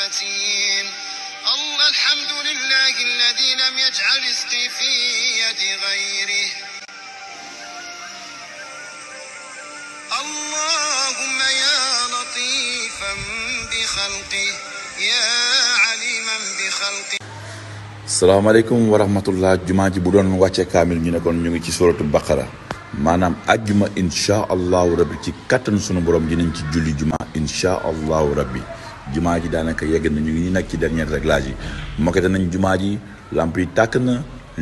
متين الله الحمد لله الذي لم يجعل رزقي في يد غيره اللهم يا لطيفا بخلقه يا عليما بخلقه salaamaaleykum wa rahmatullah jumaa ji bu doon wàccee kaamil ñu ne kon ñu ngi ci suratu baqara maanaam ajjuma insha allahu rabbi ci kattan sunu borom dinañ ci julli juma insha allahu rabbi jumaa ji daanaka yegg na ñu ngi nii nag ci dernier réglage yi moquette nañ jumaa ji lamp yi tàkk na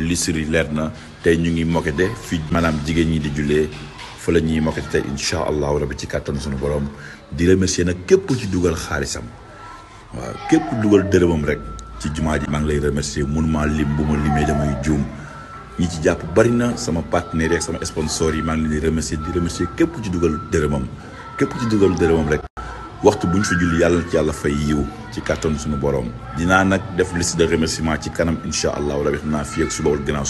lisir yi leer na tey ñu ngi moquette fi maanaam jigéen ñi di jullee fa la ñuy moquette tey incha allahu rabbi ci kàttan suñu borom di remercier nag képp ku ci dugal xaalisam waaw képp ku dugal dërëmam rek ci jumaa ji maa ngi lay remercier mënuma lim bu ma limee damay juum ñi ci jàpp bari na sama partenaire ak sama sponsor yi maa ngi leen di remercier di remercier képp ci dugal dërëmam képp ci dugal dërëmam rek waxtu buñ ñu fi julli yàlla ci yàlla fay yiw ci kàttan suñu borom dinaa nag def liste de remerciement ci kanam incha allahu rabi xam naa fii ak suba wala gannaaw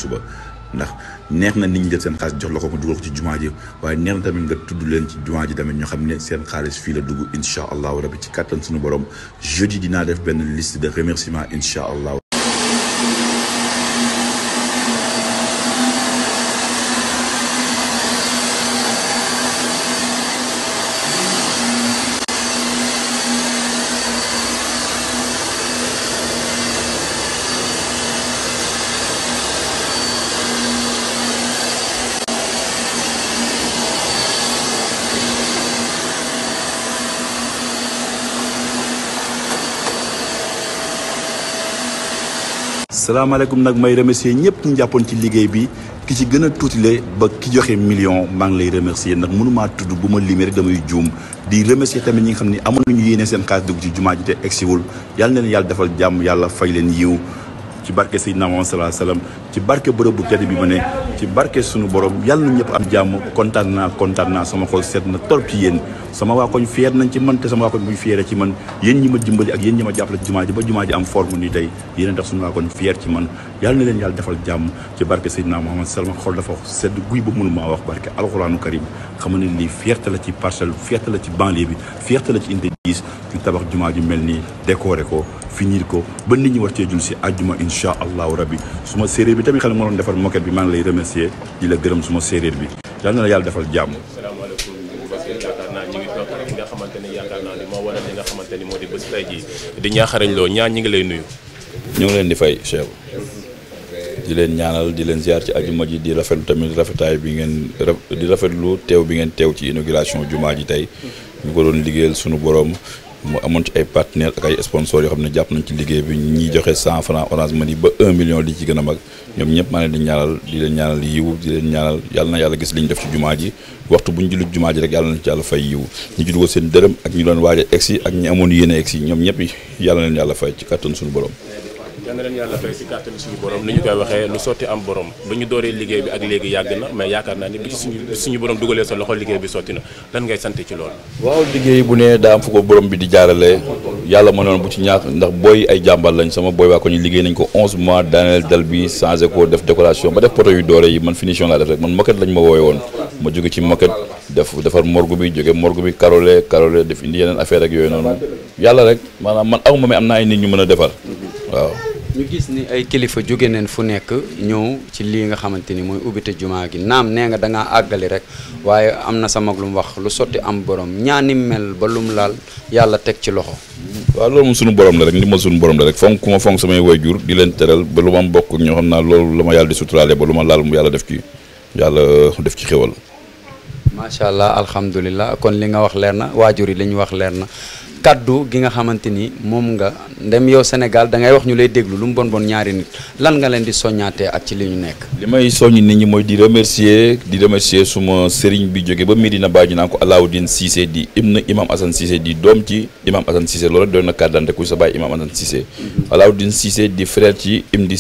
ndax neex na nit ñi seen xaalis jox la ko ko ci jumaa ji waaye neex na tamit nga tudd leen ci jumaa ji tamit ñu xam ne seen xaalis fii la dugg incha allahu rabi ci kàttan suñu borom jeudi dinaa def benn liste de remerciement incha allah. salaamaaleykum nag may remercier ñëpp ñu jàppoon ci liggéey bi ki ci gën a tuutile ba ki joxe million maa ngi lay remercier ndax mënumaa tudd bu ma limee rek damay juum di remercier tamit ñi nga xam ne amoon nañu yéene seen xaalis dugg ci jumaa ji te egsiwul yàlla na yàlla defal jàmm yàlla fay leen yiw ci barke si Muhammad sallallahu alayhi wasallam ci barke bërëb bu tedd bi ma ne ci barke sunu borom yàlla na ñëpp am jàmm kontaan naa kontaan naa sama xol seet na torop ci yéen sama waa koñ fier nañ ci man te sama waa koñ bu ñu fier ci man yéen ñi ma dimbali ak yéen ñi ma jàppale ci jumaa ji ba jumaa ji am forme nii tey yéen a tax suñu waa koñ fier ci man yàlla na leen yàlla defal jàmm ci barke Seydina maa wax barke alxuraanu karim xam ne lii fierté la ci parcelle fierté la ci ju mel nii décoré ko finir ko ba nit ñi war cee jul bi tamit xam ne moo doon defar moquette bi maa lay remercier di la gërëm suma séeréer bi yàlla na defal jàmm tey jii di ñaaxarañ loo ñaa ñi ngi lay nuyu. ñu ngi leen di fay Cheikh di leen ñaanal di leen ziar ci ajuma ji di rafetlu tamit rafetaay bi ngeen di rafetlu teew bi ngeen teew ci inauguration jumaa ji tey ñu ko doon liggéeyal sunu borom moo amoon ci ay partenaires ak ay sponsors yoo xam ne jàpp nañ ci liggéey bi ñiy joxe cent franc orange money ba un million li ci gën a mag ñoom ñëpp maa ne di ñaanal di leen ñaanal yiw di leen ñaanal yàlla na yàlla gis li ñu def ci jumaa ji waxtu bu ñu julli jumaa ji rek yàlla na ci yàlla fay yiw ñu ci dugal seen dërëm ak ñu doon waaj a egsi ak ñi amoon yéene egsi ñoom ñëpp yàlla na leen yàlla fay ci kàttan suñu borom yal na leen yàlla fay si kàttan suñu borom ni ñu koy waxee lu sotti am borom ba ñu dooree liggéey bi ak léegi yàgg na mais yaakaar naa ni suñu suñu borom dugalee sa liggéey bi sotti na lan ngay sant ci loolu. waaw liggéey ko borom bi di jaarale yàlla ma noonu bu ci ñaax ndax booy ay lañ sama booy waa ko ñu liggéey nañ ko 11 mois daaneel dal bi changé ko def décoration ba def poto yu doore yi man finition laa def rek man moquette lañ ma woowee woon ma jóge ci moquette def defar morgue bi jóge morgue bi carrelé carrelé man awma mais am naa ay nit ñu mën a defar waaw ñu gis ni ay kilifa jóge neen fu nekk ñëw ci lii nga xamante ni mooy ubbite jumaa gi naam nee nga da ngaa àggali rek waaye am na sa mag lu mu wax lu sotti am borom ñaani mel ba lum laal yàlla teg ci loxo. waaw loolu moom suñu borom la rek li ma suñu borom la rek fonk ku ma fonk samay wayjur di leen teral ba lu ma bokk ñoo xam naa loolu la ma yàlla di suturaale ba lu ma laal mu yàlla def ci yàlla def ci xéwal. macha allah alhamdulilah kon li nga wax leer yi li wax leer kàddu gi nga xamante ni moom nga ndem yow Sénégal da ngay wax ñu lay déglu lu mu bon bon ñaari nit lan nga leen di soññaatee ak ci li ñu nekk. li may soññ nit ñi mooy di remercier di remercier suma sëriñ bi jóge ba Medina na ñu naan ko din Cissé di ibn imam Assane Cissé di doom ci imam Assane Cissé loolu doon na kàddan ku sa baay imam Assane Cissé. Mm-hmm. Alaoudine Cissé di frère ci Imdi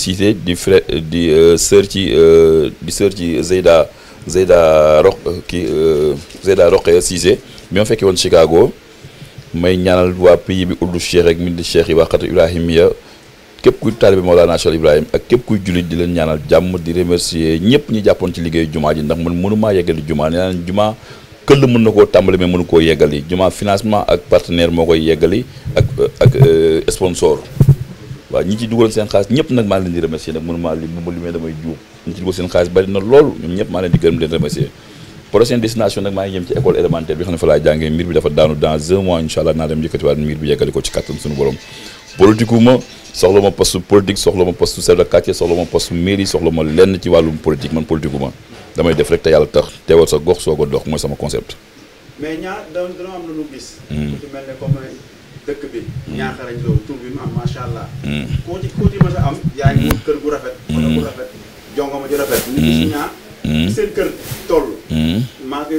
di frère di euh, sœur ci euh, di sœur ci Zeyda Zeyda Roq euh, ki Zeyda Roqe Cissé bi ma fekkee woon Chicago. may ñaanal waa pays bi uddu cheikh ak min di cheikh yi waa xatu ibrahimiya képp kuy taalibe Mawlana Cheikh Ibrahim ak képp kuy jullit di leen ñaanal jàmm di remercier ñëpp ñu jàppoon ci liggéey jumaa ji ndax man mënumaa yeggali jumaa nee naa leen jumaa këll mën na ko tàmbali mais mënu koo yeggali jumaa financement ak partenaire moo koy yeggali ak ak euh, sponsor waaw ñi ci dugaloon seen xaalis ñëpp nag maa leen di remercier nag mënumaa li bu ma seen xaalis bari na lool ñëpp maa leen di gërëm di leen prochaine destination nag maa ngi jëm ci école élémentaire bi ma soxla ma poste politique soxla ma poste chef de quartier soxla ma poste mairie soxla ma lenn ci wàllum politique man politique damay def rek te yàlla tax teewal sa gox soo ko dox mooy sama concept. mais ñaar daan dina am lu ñu gis. Hmm. ku ci hmm. macha allah. Hmm. koo ci koo ci a am. yaa ngi kër gu rafet. wala ñaar. Hmm. seen kër toll. Hmm. maa ngi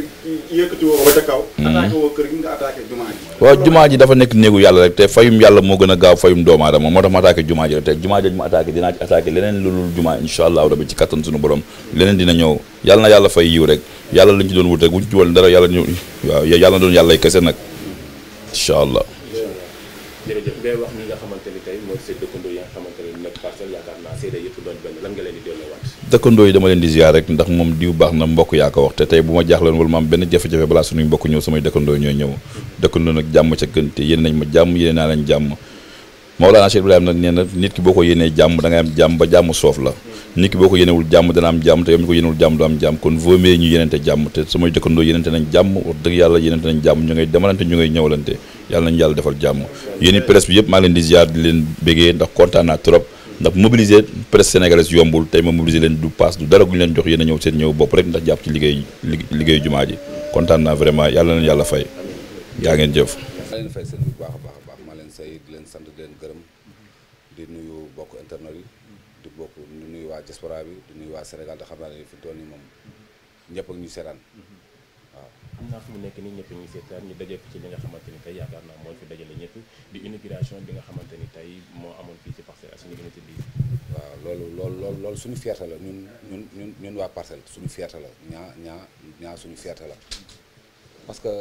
yëkkati woo ba ca kaw. Hmm. attaqué woo kër gi waaw jumaa ji dafa nekk néegu yàlla rek te fayum yàlla moo gën a gaaw fayum doomu aadama moo tax ma attaqué jumaa ji rek te jumaa jooju ma attaqué dinaa ci attaqué leneen lu lul jumaa incha allah rabi ci kattan suñu borom leneen dina ñëw yàlla na yàlla fay yiw rek yàlla lañ ci doon wut rek wuñ ci woon dara yàlla ñu waaw yàlla na doon yàlla kese nag incha allah. jërëjëf ngay ni nga xamante ni tey mooy seen dëkkandoo yi nga leen di delloowaat dëkkandoo yi dama leen di ziar rek ndax moom diw baax na mbokk yaa ko wax te tey bu ma jaaxleen wala ma am benn jafe-jafe balaa suñuy mbokk ñëw samay dëkkandoo ñooy ñëw dëkkandoo nag jàmm ca gën te yéen nañ ma jàmm yéen naa lañ jàmm Mawlana Cheikh Ibrahima nag nee jàmm da am jàmm jàmm soof la nit ki boo ko yéenewul jàmm dana am jàmm te yow mi ko yéenewul jàmm doo am jàmm kon vaut mieux ñu yénente jàmm te samay dëkkandoo yénente nañ jàmm wax dëgg yàlla yénente nañ jàmm ñu ngay demalante ñu ngay ñëwlante yàlla nañ yàlla defal jàmm yéeni presse bi yëpp maa leen di ziar di leen bégee ndax kontaan trop ndax mobiliser presse sénégalaise yombul tey ma mobiliser leen du paas du dara gu ñu leen jox yéen a ñëw seen ñëw bopp rek ndax jàpp ci liggéey liggéey jumaa ji kontaan naa vraiment yàlla na yàlla fay yaa ngeen jëf. maa leen fay seen bu baax a baax a baax maa leen say leen sant di gërëm di nuyu bokk internet yi di bokk di nuyu waa diaspora bi di nuyu waa Sénégal te xam naa ne fi mu toll moom ñëpp ak ñu seetaan xam naa fu mu nekk nii ñëpp ñu seetaan ñu daje ci li nga xamante ni tey yaakaar naa mooy fi dajale ñëpp di inauguration bi nga xamante ni tey moo amoon fii ci Parcelles Assainies unité bi waaw loolu loolu loolu loolu suñu fierté la ñun ñun ñun ñun waa Parcelles suñu fierté la ñaa ñaa ñaa suñu fierté la parce que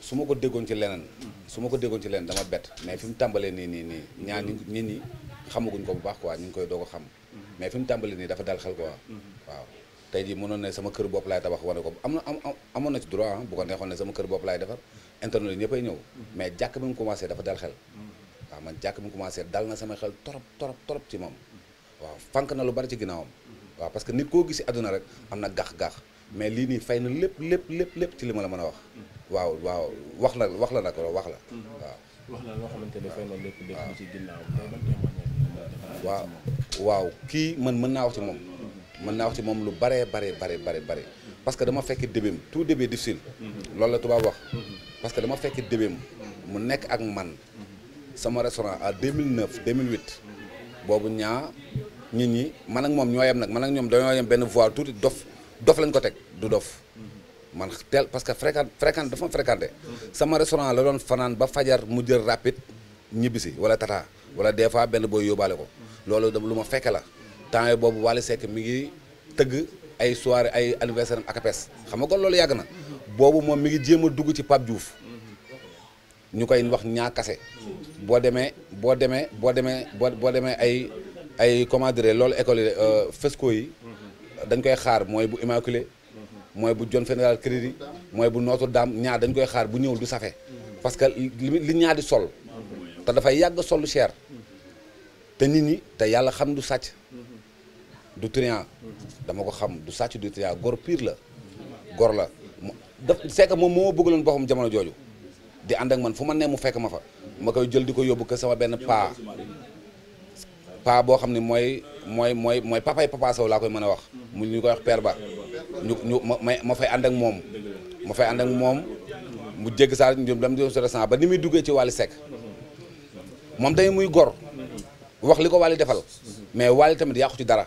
su ma ko déggoon ci leneen su ma ko déggoon ci leneen dama bett mais fi tàmbalee nii nii nii ñaa ni nit ñi xamaguñ ko bu baax quoi ñu ngi koy doog a xam mm-hmm. mais fi mu tàmbalee nii dafa daal xel quoi mm-hmm. waaw tay jii mënon né sama kër bop lay tabax wane ko amna na ci droit ah, bu ko neexoon né sama kër bop lay defar internet yi ñew mais jakk bi mu commencé dafa dal xel wa man jakk bi mu commencé dal na sama xel torop torop torop ci mom wa fank na lu bari ci ginaawam wa parce que nit ko gisi aduna rek amna gax-gax mais li ni fayna lepp lepp lepp lepp ci li ma la mën wax waaw waaw wax la wax la nag wax la waaw wax la loo xamante ne fay lepp lépp ci ginnaaw waaw waaw ki man mëna wax ci mom man naa wax ci mom lu bare bare bare bare bare parce que dama fekk debem tout debé difficile loolu la tuba wax parce que dama fekk debem mu nek ak man sama restaurant à 2009 2008 bobu ñaa nit ñi man ak mom ñoo yem nag man ak ñom dañoo yem ben voir tout dof dof lañ ko tek du dof man tel parce que fréquent fréquent dafa fréquenté sama restaurant la doon fanan ba fajar mu jël rapide ñibisi wala tata wala des fois ben boy yobale ko loolu dama luma fekk la temps yooyu boobu Wally Seck mi ngi tëgg ay soirée ay anniversaire am akapes xam nga kon loolu yàgg na boobu moom mi ngi jéem a dugg ci Pape Diouf ñu koy wax kase boo demee boo demee boo demee boo boo demee ay ay comment loolu école yi euh, fesco yi dañ koy xaar mooy bu immaculé mooy bu John Fénéral Crédit mooy bu Notre Dame ñaar dañ koy xaar bu ñëw du safe parce li ñaar di sol te dafay yàgg sol cher te nit ñi te yàlla xam du sàcc du trian dama ko xam du sàcc du trian gor pire la gor la daf c'est que moom moo bëggaloon boppam jamono jooju di ànd ak man fu man ne mu fekk ma fa ma koy jël di ko yóbbu ko sama benn paa paa boo xam ne mooy mooy mooy mooy papay papa Sow laa koy mën a wax mu ñu koy wax père ba ñu ñu ma ma fay ànd ak moom mu fay ànd ak moom mu jégg saa ñu dem di restaurant ba ni muy duggee ci Wally Seck moom dañu muy gor wax li ko Wally defal mais Wally tamit yàqu ci dara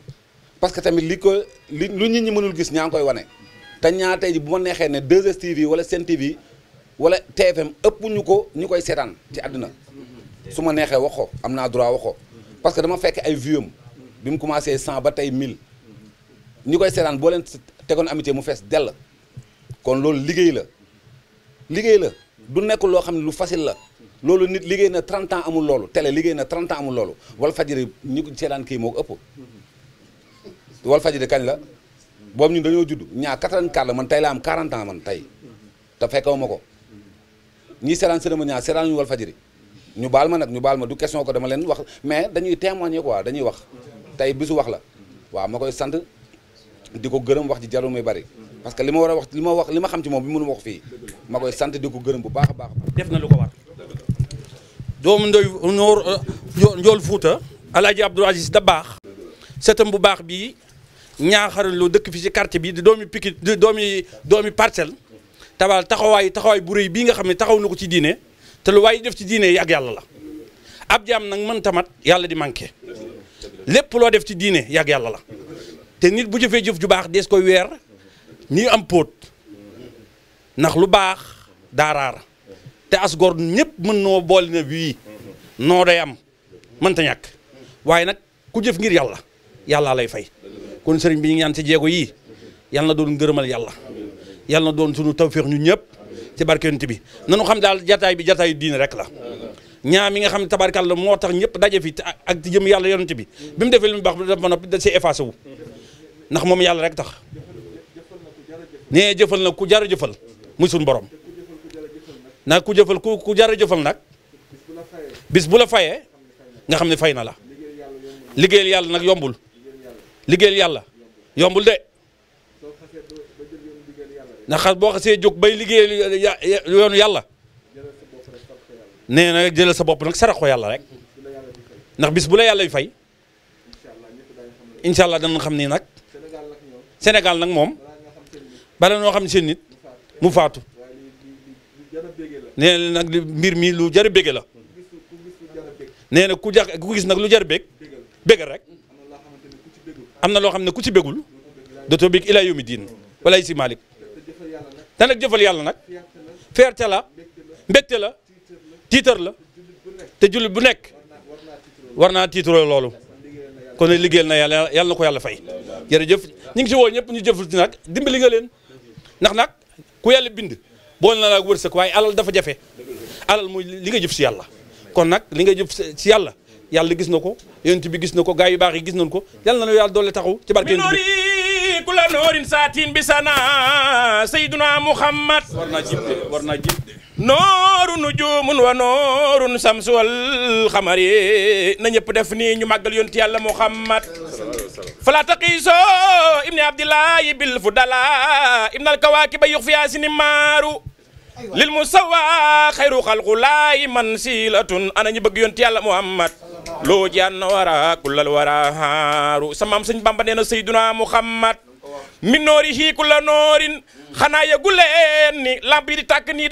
parce que tamit li ko li lu nit ñi mënul gis ñaa ngi koy wane te ñaa tey ji bu ma neexee ne 2STV wala Sen TV wala TFM ëpp ñu ko ñu koy seetaan ci àdduna su ma neexee wax am naa droit wax ko que dama fekk ay vieux bi mu commencé 100 ba tey 1000 ñi koy seetaan boo leen tegoon amitié mu fees dell kon loolu liggéey la liggéey la du nekk loo xam ne lu facile la loolu nit liggéey na 30 ans amul loolu télé liggéey na 30 ans amul loolu wala fajiri ñi ko seetaan moo ëpp wal fajiri kañ la boobu ñun dañoo judd ñaa 84 la man tey la am 40 ans man tey te fekkaw ma ko ñii seetaan cinéma ñaa seetaan ñu wal ñu baal ma nag ñu baal ma du question ko dama leen wax mais dañuy témoigner quoi dañuy wax tey bisu wax la waaw ma koy sant di ko gërëm wax ji jarul muy bari parce que li ma war a wax li ma wax li ma xam ci moom bi mënu ma wax fii ma koy sant di ko gërëm bu baax a baax def na lu ko war doomu ndoy noor euh, njool fuuta alaaji abdoul aziz da bu baax bii ñaaxaruñ loo dëkk fi ci quartier bi di doomi Pikine di doomi doomi parcelle tabal taxawaay taxawaay bu rëy bii nga xam ne taxaw na ko ci diine te lu waaye def ci diine ak yàlla ab jaam nag mën tamat yàlla di manqué lépp loo def ci diine yàgg yàlla la te nit bu jëfee jëf ju baax dees koy weer ni am póot ndax lu baax daaraar te as gor ñëpp mën noo boole na wii noo day am mënta ñàkk waaye nag ku jëf ngir yàlla yàllaa lay fay kon sëriñ bi ñu ngi ñaan ci jéego yii yal na doon ngërëmal yàlla yal na doon sunu tawféex ñun ñëpp ci barkent bi nanu xam daal jataay bi jataayu diine rek la ñaa mi nga xam ne la moo tax ñëpp daje fi ak ci jëm yàlla yonent bi bi mu defee lu mu baax dafa noppi da see ndax moom yàlla rek tax nee jëfal na ku jar jëfal ku jëfal ku ku jar a jëfal nag bis bu la fayee nga xam ne fay na la liggéeyal yàlla nag yombul liggéeyal yàlla yombul de ndax boo xasee jóg bay liggéey yoonu yàlla nee na jëlal sa bopp nag sarax ko yàlla rek ndax bis bu la yàlla yu fay incha allah danañ xam ni nag Sénégal nag moom bala noo xam seen nit mu faatu nee nag mbir mi lu jar a bége la nee na ku jax ku gis nag lu jar a bég bégal rek. am na loo xam ne ku ci bégul dootoo bég ilaa yawmi diin walaay si Malick te jëfal yàlla nag fierté la mbégte la tiitar la te jullit bu nekk war naa tiitaroo loolu kon nag liggéeyal na yàlla yàlla ko yàlla fay jërëjëf ñu ngi ci woo ñëpp ñu jëful ci nag dimbali nga leen ndax nag ku yàlla bind bool na laa wërsëg waaye alal dafa jafe alal mooy li nga jëf si yàlla kon nag li nga jëf si yàlla yàlla gis na ko yonent bi gis nako gaay yu baax yi gis nañ ko yal na nu yàlla doole ci barke yonent bi ku la sayyiduna muhammad Warna jibde warna jibde noru naa wa noorun samsu wal khamari na ñep def ni ñu magal yonent yalla muhammad fala taqiso ibn abdillahi bil fudala ibn al kawakib yux fiya maru lil musawa khairu khalqu la man silatun ana ñu bëgg yonent yalla muhammad lo jann wara kulal wara haru samam maam sëñ bamba nee muhammad minori hi kula kulla xana ya yëgu ni lamp yi di tàkk nii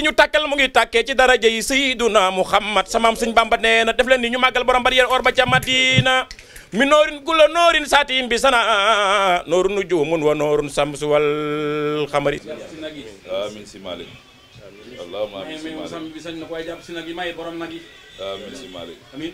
mu ngi takke ci daraja yi sayyiduna muhammad samam maam sëñ bamba nee def len ni ñu magal borom bar yéen or ba ca madina minorin noorin kulla noorin saatiin bi sana nooru mun wa norun samsu wal xamari amin si malik allahumma amin si malik amin si malik amin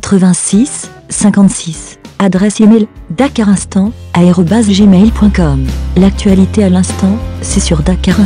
86 56. Adresse email dakarinstant@gmail.com. L'actualité à l'instant, c'est sur Dakar